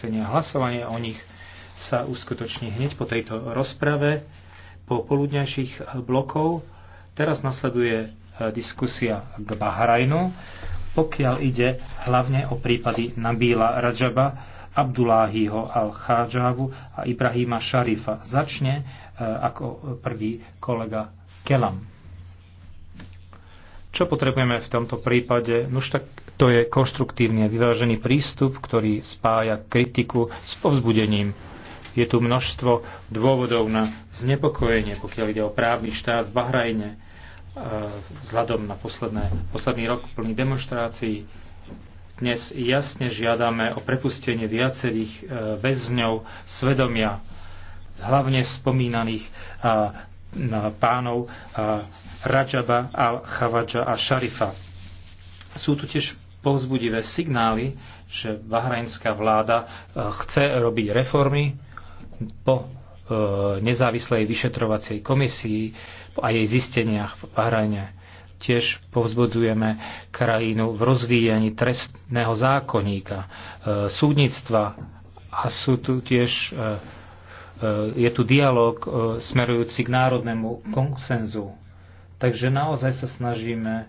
uznesenia. Hlasovanie o nich sa uskutoční hneď po tejto rozprave, po poludňajších blokov. Teraz nasleduje e, diskusia k Bahrajnu, pokiaľ ide hlavne o prípady Nabíla Rajaba, Abduláhiho al khajavu a Ibrahima Šarifa. Začne e, ako prvý kolega Kelam. Čo potrebujeme v tomto prípade? No už tak to je konštruktívne vyvážený prístup, ktorý spája kritiku s povzbudením. Je tu množstvo dôvodov na znepokojenie, pokiaľ ide o právny štát v Bahrajne, e, vzhľadom na posledné, posledný rok plný demonstrácií. Dnes jasne žiadame o prepustenie viacerých e, väzňov svedomia, hlavne spomínaných pánov Rajaba al-Khawaja a Šarifa. Sú tu tiež povzbudivé signály, že bahrajnská vláda e, chce robiť reformy po e, nezávislej vyšetrovacej komisii a jej zisteniach v Bahrajne. Tiež povzbudzujeme krajinu v rozvíjaní trestného zákonníka, e, súdnictva a sú tu tiež je tu dialog smerujúci k národnému konsenzu. Takže naozaj sa snažíme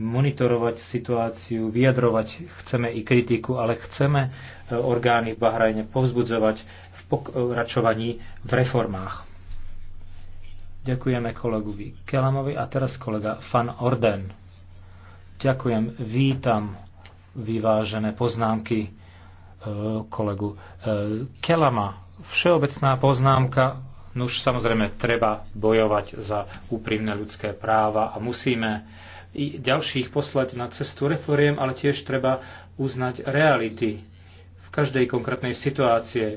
monitorovať situáciu, vyjadrovať chceme i kritiku, ale chceme e, orgány v Bahrajne povzbudzovať v pokračovaní v reformách. Ďakujeme kolegovi Kelamovi a teraz kolega Fan Orden. Ďakujem, vítam vyvážené poznámky e, kolegu e, Kelama. Všeobecná poznámka, nuž samozrejme treba bojovať za úprimné ľudské práva a musíme i ďalších poslať na cestu reforiem, ale tiež treba uznať reality v každej konkrétnej situácie, e,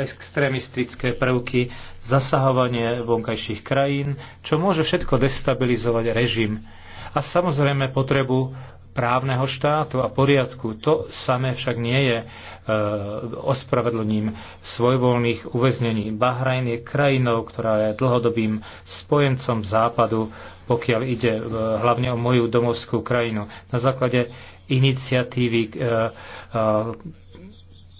extrémistické prvky, zasahovanie vonkajších krajín, čo môže všetko destabilizovať režim. A samozrejme potrebu právneho štátu a poriadku. To samé však nie je e, ospravedlním svojvoľných uväznení. Bahrajn je krajinou, ktorá je dlhodobým spojencom západu, pokiaľ ide e, hlavne o moju domovskú krajinu. Na základe iniciatívy e, e,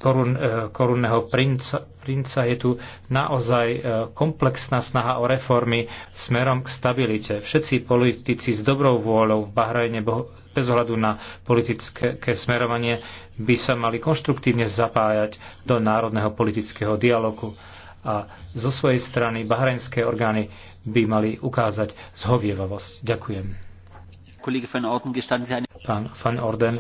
korun, e, korunného princa, princa je tu naozaj e, komplexná snaha o reformy smerom k stabilite. Všetci politici s dobrou vôľou v Bahrajne bez ohľadu na politické smerovanie by sa mali konštruktívne zapájať do národného politického dialogu a zo svojej strany bahrajnské orgány by mali ukázať zhovievavosť. Ďakujem. Pán Van Orden,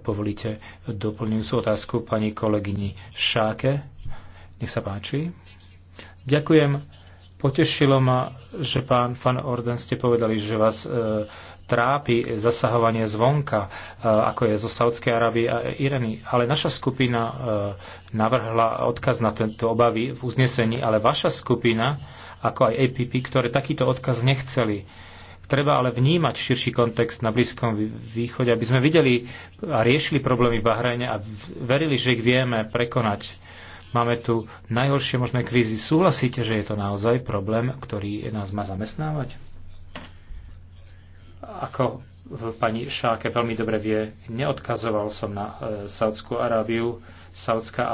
povolíte doplňujúcu otázku pani kolegyni Šáke. Nech sa páči. Ďakujem. Potešilo ma, že pán Van Orden ste povedali, že vás e, trápi zasahovanie zvonka, e, ako je zo Saudskej Arábie a Ireny. Ale naša skupina e, navrhla odkaz na tento obavy v uznesení, ale vaša skupina, ako aj APP, ktoré takýto odkaz nechceli. Treba ale vnímať širší kontext na Blízkom východe, aby sme videli a riešili problémy v Bahrajne a verili, že ich vieme prekonať. Máme tu najhoršie možné krízy. Súhlasíte, že je to naozaj problém, ktorý nás má zamestnávať? Ako pani Šáke veľmi dobre vie, neodkazoval som na e, Saudskú Arábiu. Saudská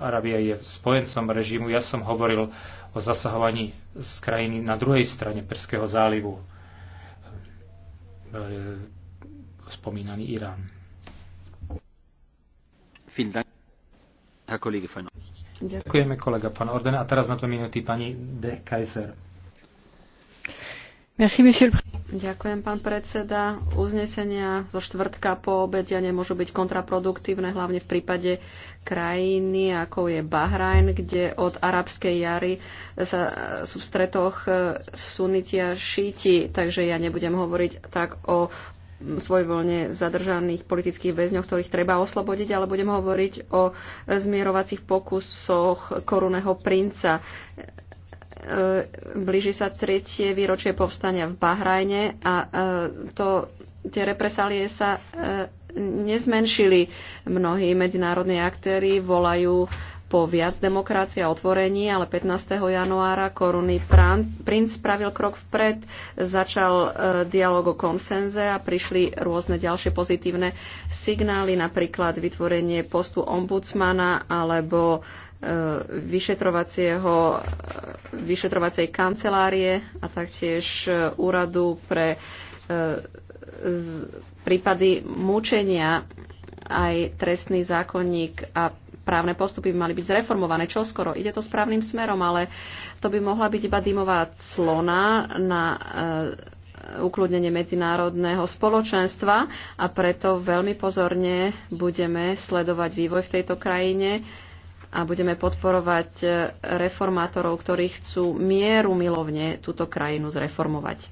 Arábia je spojencom režimu. Ja som hovoril o zasahovaní z krajiny na druhej strane Perského zálivu. E, spomínaný Irán. Ďakujeme kolega pán Orden. A teraz na dve minúty pani De Kaiser. Ďakujem, pán predseda. Uznesenia zo štvrtka po obedia nemôžu byť kontraproduktívne, hlavne v prípade krajiny, ako je Bahrajn, kde od arabskej jary sa sú v stretoch e, sunitia šíti, takže ja nebudem hovoriť tak o svojvoľne zadržaných politických väzňoch, ktorých treba oslobodiť, ale budem hovoriť o zmierovacích pokusoch korunného princa E, blíži sa tretie výročie povstania v Bahrajne a e, to, tie represálie sa e, nezmenšili. Mnohí medzinárodní aktéry volajú po viac demokracie a otvorení, ale 15. januára korunný princ spravil krok vpred, začal dialog o konsenze a prišli rôzne ďalšie pozitívne signály, napríklad vytvorenie postu ombudsmana alebo vyšetrovacieho, vyšetrovacej kancelárie a taktiež e, úradu pre e, prípady mučenia aj trestný zákonník a právne postupy by mali byť zreformované čoskoro. Ide to správnym smerom, ale to by mohla byť iba dymová clona na e, ukludnenie medzinárodného spoločenstva a preto veľmi pozorne budeme sledovať vývoj v tejto krajine a budeme podporovať e, reformátorov, ktorí chcú mieru milovne túto krajinu zreformovať.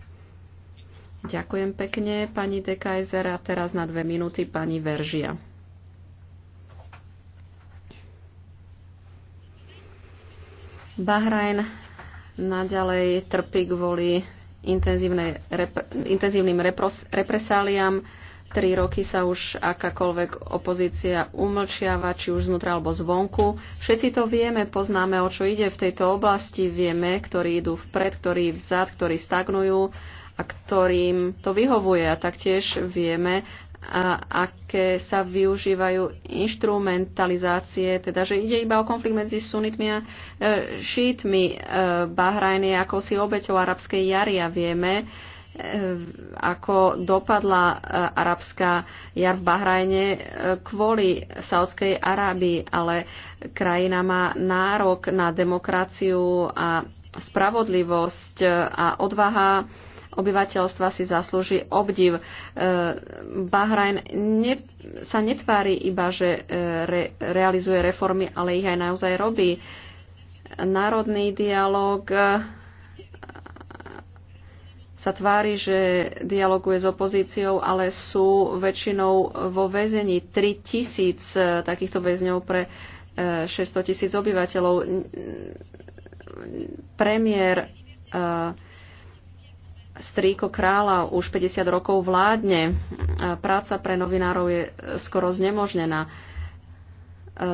Ďakujem pekne, pani Dekajzer. A teraz na dve minúty pani Veržia. Bahrajn naďalej trpí kvôli intenzívnym repres- represáliám Tri roky sa už akákoľvek opozícia umlčiava, či už znútra alebo zvonku. Všetci to vieme, poznáme, o čo ide v tejto oblasti, vieme, ktorí idú vpred, ktorí vzad, ktorí stagnujú a ktorým to vyhovuje. A taktiež vieme, a aké sa využívajú instrumentalizácie, teda že ide iba o konflikt medzi sunitmi a e, šítmi. E, Bahrajn je akousi obeťou arabskej jary a vieme, Eh, ako dopadla eh, arabská jar v Bahrajne eh, kvôli Saudskej Arábii, ale krajina má nárok na demokraciu a spravodlivosť a odvaha obyvateľstva si zaslúži obdiv. Bahrajn ne, sa netvári iba, že re, realizuje reformy, ale ich aj naozaj robí. Národný dialog sa tvári, že dialoguje s opozíciou, ale sú väčšinou vo väzení 3 tisíc e, takýchto väzňov pre 600 e, tisíc obyvateľov. Premiér e, Stríko kráľa už 50 rokov vládne. Práca pre novinárov je skoro znemožnená.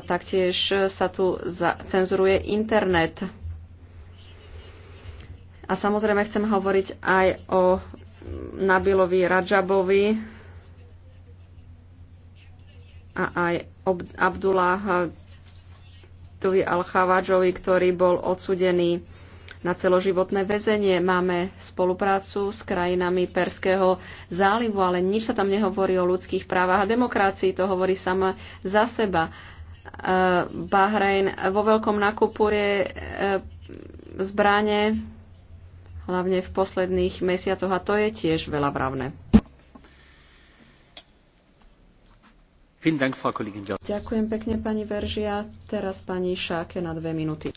Taktiež sa tu cenzuruje internet a samozrejme chcem hovoriť aj o Nabilovi Radžabovi a aj Abdullah Tuvi al khavadžovi ktorý bol odsudený na celoživotné väzenie. Máme spoluprácu s krajinami Perského zálivu, ale nič sa tam nehovorí o ľudských právach a demokracii, to hovorí sama za seba. E, Bahrain vo veľkom nakupuje e, zbranie hlavne v posledných mesiacoch a to je tiež veľa vravné. Ďakujem pekne, pani Veržia. Teraz pani Šáke na dve minúty.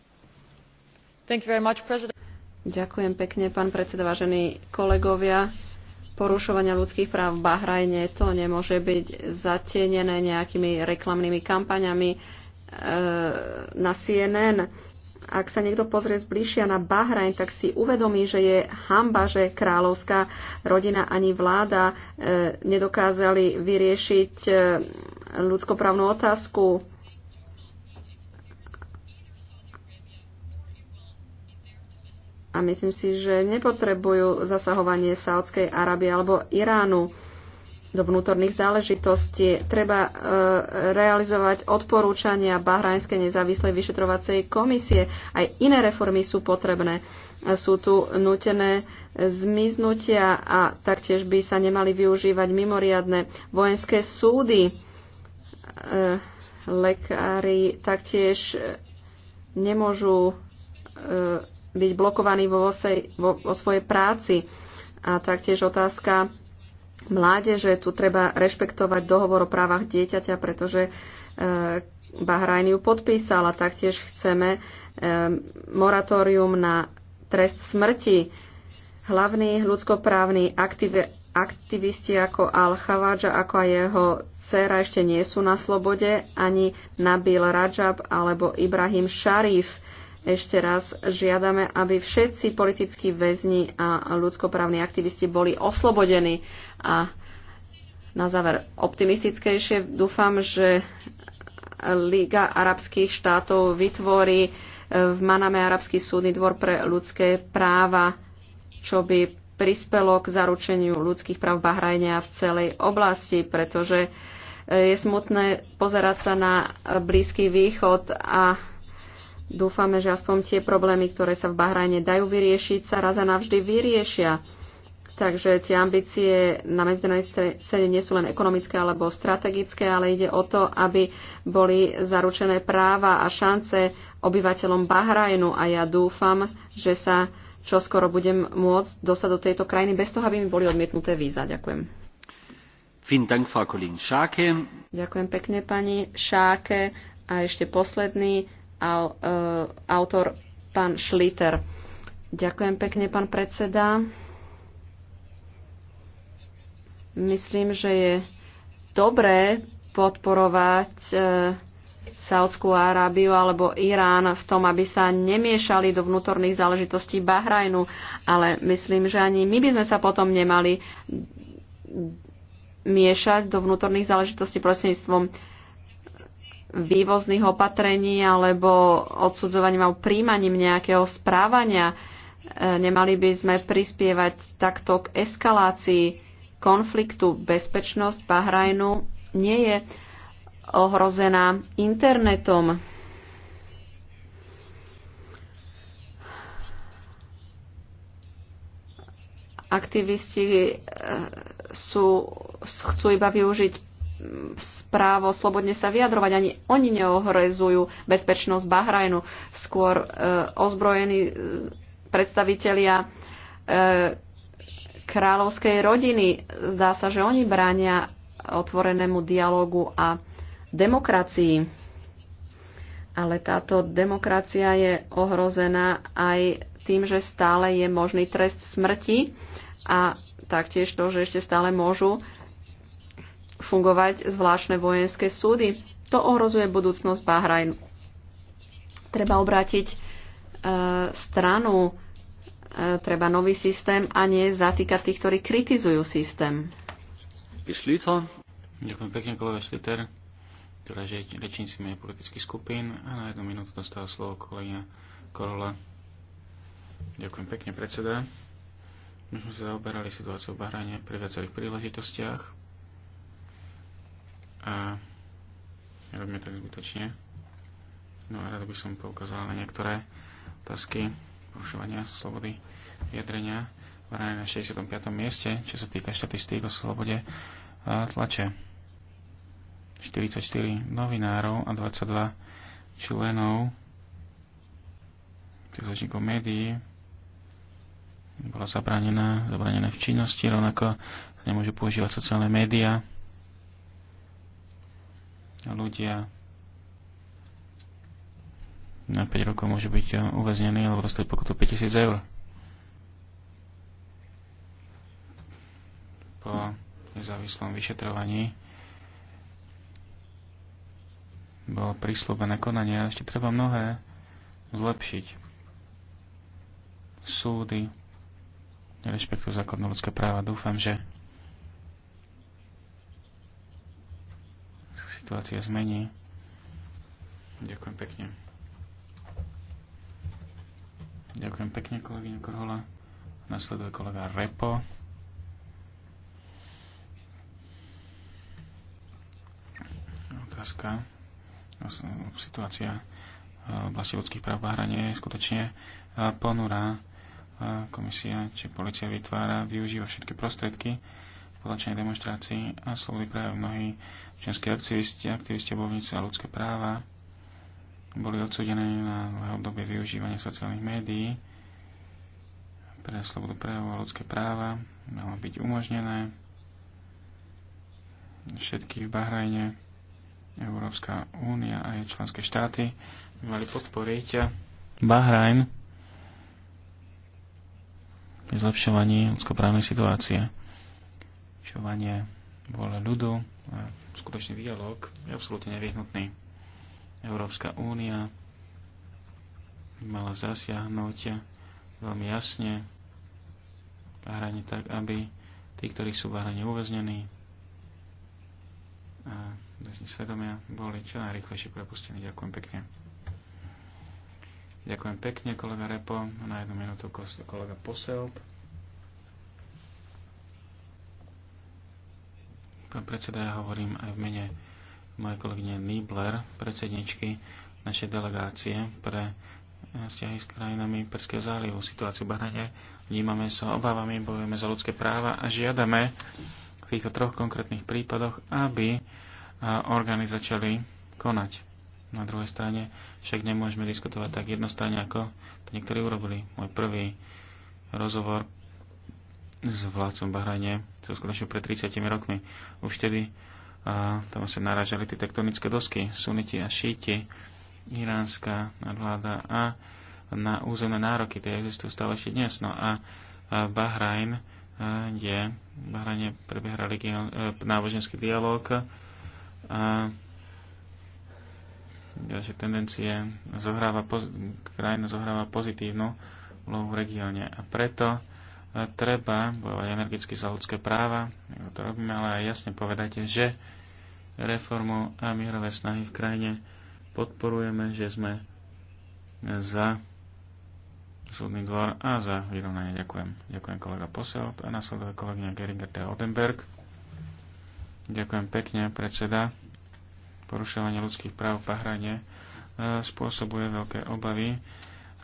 Much, Ďakujem pekne, pán predseda, vážení kolegovia. Porušovania ľudských práv v Bahrajne to nemôže byť zatienené nejakými reklamnými kampaňami e, na CNN ak sa niekto pozrie zbližšia na Bahrajn, tak si uvedomí, že je hamba, že kráľovská rodina ani vláda e, nedokázali vyriešiť e, ľudskoprávnu otázku. A myslím si, že nepotrebujú zasahovanie Sáudskej Arábie alebo Iránu do vnútorných záležitostí. Treba e, realizovať odporúčania Bahrajnskej nezávislej vyšetrovacej komisie. Aj iné reformy sú potrebné. E, sú tu nutené zmiznutia a taktiež by sa nemali využívať mimoriadne vojenské súdy. E, lekári taktiež e, nemôžu e, byť blokovaní vo, vo, vo svojej práci. A taktiež otázka mládeže. Tu treba rešpektovať dohovor o právach dieťaťa, pretože e, Bahrajn ju podpísal a taktiež chceme e, moratórium na trest smrti. Hlavní ľudskoprávni aktive, aktivisti ako Al-Khawadja, ako aj jeho dcera ešte nie sú na slobode, ani Nabil Rajab alebo Ibrahim Sharif. Ešte raz žiadame, aby všetci politickí väzni a ľudskoprávni aktivisti boli oslobodení. A na záver optimistickejšie dúfam, že Liga arabských štátov vytvorí e, v Maname Arabský súdny dvor pre ľudské práva, čo by prispelo k zaručeniu ľudských práv Bahrajne a v celej oblasti, pretože e, je smutné pozerať sa na Blízky východ a dúfame, že aspoň tie problémy, ktoré sa v Bahrajne dajú vyriešiť, sa raz a navždy vyriešia. Takže tie ambície na medzinárodnej scéne nie sú len ekonomické alebo strategické, ale ide o to, aby boli zaručené práva a šance obyvateľom Bahrajnu. A ja dúfam, že sa čoskoro budem môcť dostať do tejto krajiny bez toho, aby mi boli odmietnuté víza. Ďakujem. Ďakujem pekne pani Šáke. A ešte posledný e, autor, pán Šliter. Ďakujem pekne, pán predseda. Myslím, že je dobré podporovať e, Saudskú Arábiu alebo Irán v tom, aby sa nemiešali do vnútorných záležitostí Bahrajnu, ale myslím, že ani my by sme sa potom nemali miešať do vnútorných záležitostí prostredníctvom vývozných opatrení alebo odsudzovaním alebo príjmaním nejakého správania. E, nemali by sme prispievať takto k eskalácii konfliktu bezpečnosť Bahrajnu nie je ohrozená internetom. Aktivisti eh, sú, chcú iba využiť správo mm, slobodne sa vyjadrovať. Ani oni neohrezujú bezpečnosť Bahrajnu. Skôr e, ozbrojení eh, predstavitelia e, kráľovskej rodiny. Zdá sa, že oni bránia otvorenému dialogu a demokracii. Ale táto demokracia je ohrozená aj tým, že stále je možný trest smrti a taktiež to, že ešte stále môžu fungovať zvláštne vojenské súdy. To ohrozuje budúcnosť Bahrajnu. Treba obrátiť e, stranu E, treba nový systém a nie zatýkať tých, ktorí kritizujú systém. Ďakujem pekne, kolega Sliter, ktorá je rečníci mene politických skupín a na jednu minútu dostáva slovo kolegyňa Korola. Ďakujem pekne, predseda. My sme sa zaoberali situáciou v Bahrajne pri viacerých príležitostiach a robíme tak zbytočne. No a rád by som poukázal na niektoré otázky porušovania slobody vyjadrenia na 65. mieste, čo sa týka štatistík o slobode tlače. 44 novinárov a 22 členov príslušníkov médií bola zabranená, zabranená v činnosti, rovnako sa nemôžu používať sociálne médiá. Ľudia na 5 rokov môže byť eh, uväznený, alebo dostať pokutu 5000 eur. Po nezávislom vyšetrovaní bolo prísľubené konanie a ešte treba mnohé zlepšiť. Súdy nerešpektujú základné ľudské práva. Dúfam, že situácia zmení. Ďakujem pekne. Ďakujem pekne, kolegyňa Korhola. Nasleduje kolega Repo. Otázka. Situácia eh, v oblasti ľudských práv Bahrane je skutočne eh, ponurá. Eh, komisia či policia vytvára, využíva všetky prostriedky spoločnej demonstrácii a slobody práve mnohí členskí aktivisti, aktivisti obovníci a ľudské práva boli odsudené na obdobie využívania sociálnych médií pre slobodu prejavu a ľudské práva. Malo byť umožnené Všetky v Bahrajne. Európska únia a jej členské štáty mali podporiť Bahrajn pri zlepšovaní ľudskoprávnej situácie. Čovanie vôle ľudu a skutočný dialog je absolútne nevyhnutný. Európska únia mala zasiahnuť veľmi jasne Bahrajne tak, aby tí, ktorí sú v Bahrajne uväznení a bez svedomia, boli čo najrychlejšie prepustení. Ďakujem pekne. Ďakujem pekne, kolega Repo. Na jednu minútu kolega Poselb. Pán predseda, ja hovorím aj v mene moje kolegyne Niebler, predsedničky našej delegácie pre eh, vzťahy s krajinami Perského zálivu, situáciu v Bahrane. Vnímame sa obávami, bojujeme za ľudské práva a žiadame v týchto troch konkrétnych prípadoch, aby eh, orgány začali konať. Na druhej strane však nemôžeme diskutovať tak jednostranne, ako to niektorí urobili. Môj prvý rozhovor s vládcom Bahrajne čo skutočne pred 30 rokmi. Už vtedy a tam sa naražali tie tektonické dosky, suniti a šíti, iránska nadvláda a na územné nároky, tie existujú stále ešte dnes. No a Bahrajn je, v Bahrajne prebieha e, náboženský dialog a ďalšie tendencie zohráva, krajina zohráva pozitívnu úlohu v regióne. A preto treba bojovať energicky za ľudské práva, ako to robíme, ale aj jasne povedať, že reformu a mierové snahy v krajine podporujeme, že sme za súdny dvor a za vyrovnanie. Ďakujem. Ďakujem kolega Posel a nasleduje kolegyňa Geringer de Odenberg. Ďakujem pekne, predseda. Porušovanie ľudských práv v Bahrajne e, spôsobuje veľké obavy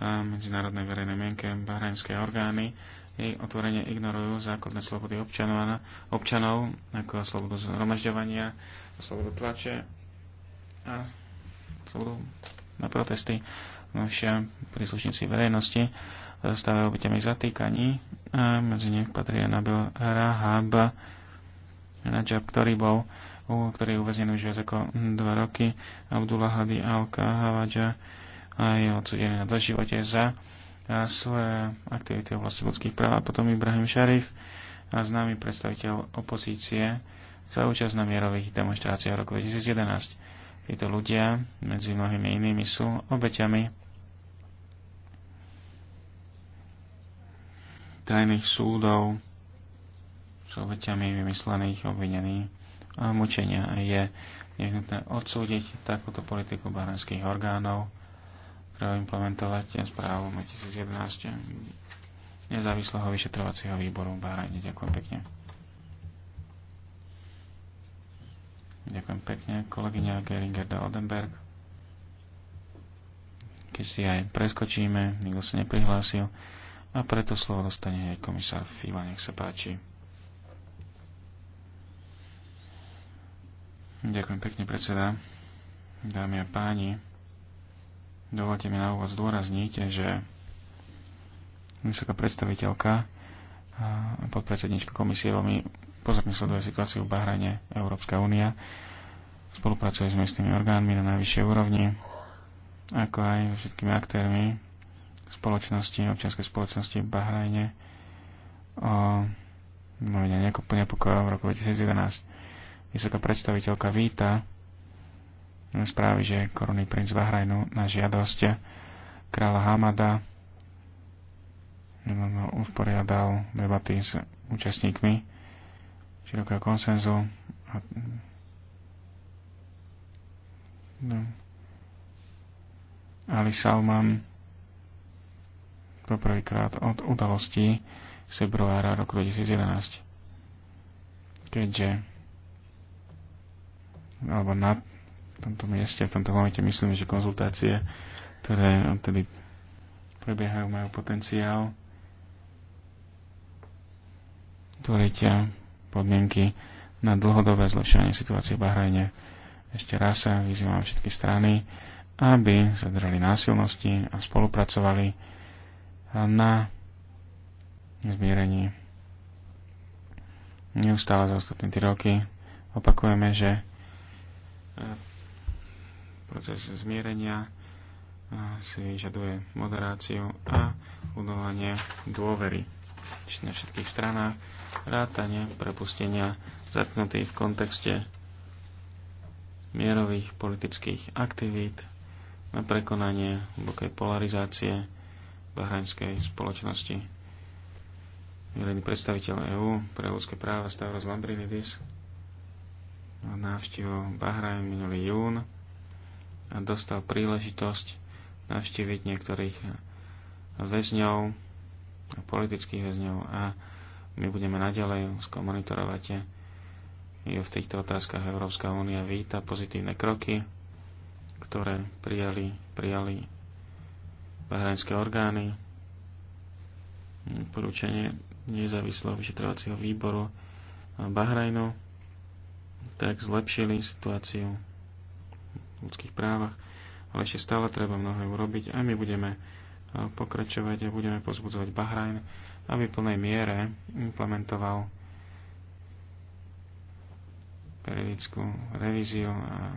medzinárodnej verejnej mienke bahrajnské orgány jej otvorenie ignorujú základné slobody občanov, občanov ako slobodu zhromažďovania, slobodu tlače a slobodu na protesty. Všia príslušníci verejnosti zastávajú obyťami zatýkaní a medzi nich patrí Nabil Rahab, Najab, ktorý bol ktorý je uväznený už viac ako dva roky, Abdullah Hadi al-Kahavadža a je odsudený na doživote za svoje aktivity v oblasti ľudských práv a potom Ibrahim Šarif, známy predstaviteľ opozície, za účasť na mierových demonstráciách roku 2011. Títo ľudia, medzi mnohými inými, sú obeťami tajných súdov s obeťami vymyslených, obvinení a mučenia. Je nehnutné odsúdiť takúto politiku bahrajnských orgánov treba implementovať správu 2011 nezávislého vyšetrovacieho výboru v Bahrajne. Ďakujem pekne. Ďakujem pekne, kolegyňa Geringer de Odenberg. Keď si aj preskočíme, nikto sa neprihlásil a preto slovo dostane aj komisár Fila, nech sa páči. Ďakujem pekne, predseda. Dámy a páni, Dovolte mi na úvod zdôrazniť, že vysoká predstaviteľka a podpredsednička komisie veľmi pozorne sleduje situáciu v Bahrajne Európska únia. Spolupracuje s miestnymi orgánmi na najvyššej úrovni, ako aj so všetkými aktérmi spoločnosti, občianskej spoločnosti v Bahrajne o no, nepokojov v roku 2011. Vysoká predstaviteľka víta správy, že korunný princ Bahrajnu na žiadosť kráľa Hamada usporiadal debaty s účastníkmi širokého konsenzu a no. Ali Salman poprvýkrát od udalostí z februára roku 2011. Keďže alebo nad tomto mieste, v tomto momente myslím, že konzultácie, ktoré odtedy prebiehajú, majú potenciál tvoriť podmienky na dlhodobé zlepšenie situácie v Bahrajne. Ešte raz sa vyzývam všetky strany, aby sa držali násilnosti a spolupracovali na zmierení. Neustále za ostatné 3 roky opakujeme, že Proces zmierenia si vyžaduje moderáciu a budovanie dôvery na všetkých stranách, rátanie prepustenia zatknutých v kontexte mierových politických aktivít na prekonanie hlbokej polarizácie bahraňskej spoločnosti. Milený predstaviteľ EÚ pre ľudské práva Stavros Lambrinidis návštevu Bahrajn minulý jún dostal príležitosť navštíviť niektorých väzňov, politických väzňov a my budeme naďalej skomonitorovať monitorovať. Je v týchto otázkach Európska únia víta pozitívne kroky, ktoré prijali, prijali bahrajnské orgány. Porúčanie nezávislého vyšetrovacieho výboru Bahrajnu tak zlepšili situáciu ľudských právach, ale ešte stále treba mnohé urobiť a my budeme e, pokračovať a budeme pozbudzovať Bahrajn, aby v plnej miere implementoval periodickú revíziu a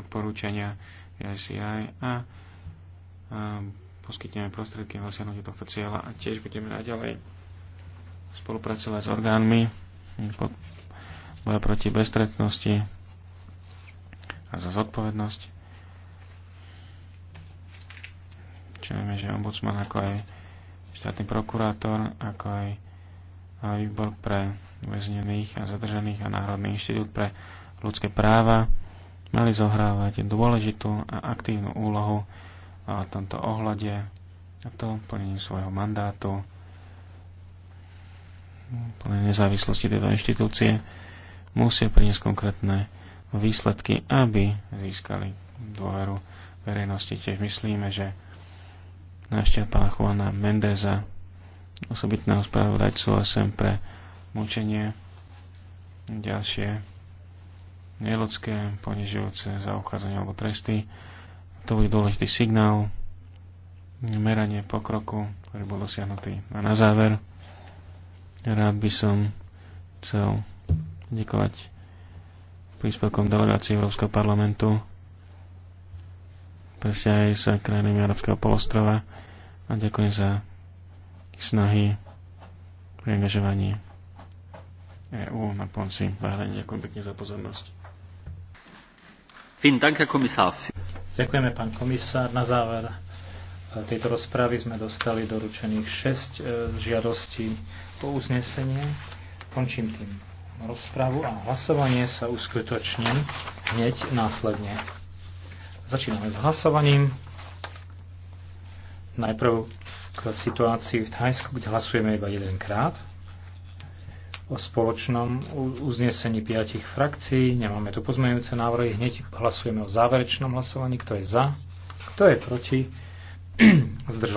odporúčania ICI a, a poskytneme prostriedky na dosiahnutie tohto cieľa a tiež budeme naďalej spolupracovať s orgánmi boja proti bestretnosti, a za zodpovednosť. Čo vieme, že ombudsman ako aj štátny prokurátor, ako aj výbor pre väznených a zadržaných a Národný inštitút pre ľudské práva mali zohrávať dôležitú a aktívnu úlohu v tomto ohľade a to plnení svojho mandátu, plnenie nezávislosti tejto inštitúcie musia priniesť konkrétne výsledky, aby získali dôveru verejnosti. Tiež myslíme, že návšteva pána Juana Mendeza, osobitného spravodajcu OSM pre mučenie, ďalšie neludské, ponižujúce zaobchádzanie alebo tresty. To bude dôležitý signál, meranie pokroku, ktorý bol dosiahnutý. A na záver, rád by som chcel ďakovať príspevkom delegácie Európskeho parlamentu presne aj sa krajinami Arabského polostrova a ďakujem za ich snahy pri angažovaní EÚ na Ponci. Bahrain, ďakujem pekne za pozornosť. Ďakujeme, pán komisár. Na záver tejto rozpravy sme dostali doručených 6 eh, žiadostí po uznesenie. Končím tým rozpravu a hlasovanie sa uskutoční hneď následne. Začíname s hlasovaním. Najprv k situácii v Thajsku, kde hlasujeme iba jedenkrát o spoločnom uznesení piatich frakcií. Nemáme tu pozmeňujúce návrhy. Hneď hlasujeme o záverečnom hlasovaní. Kto je za? Kto je proti? Zdržal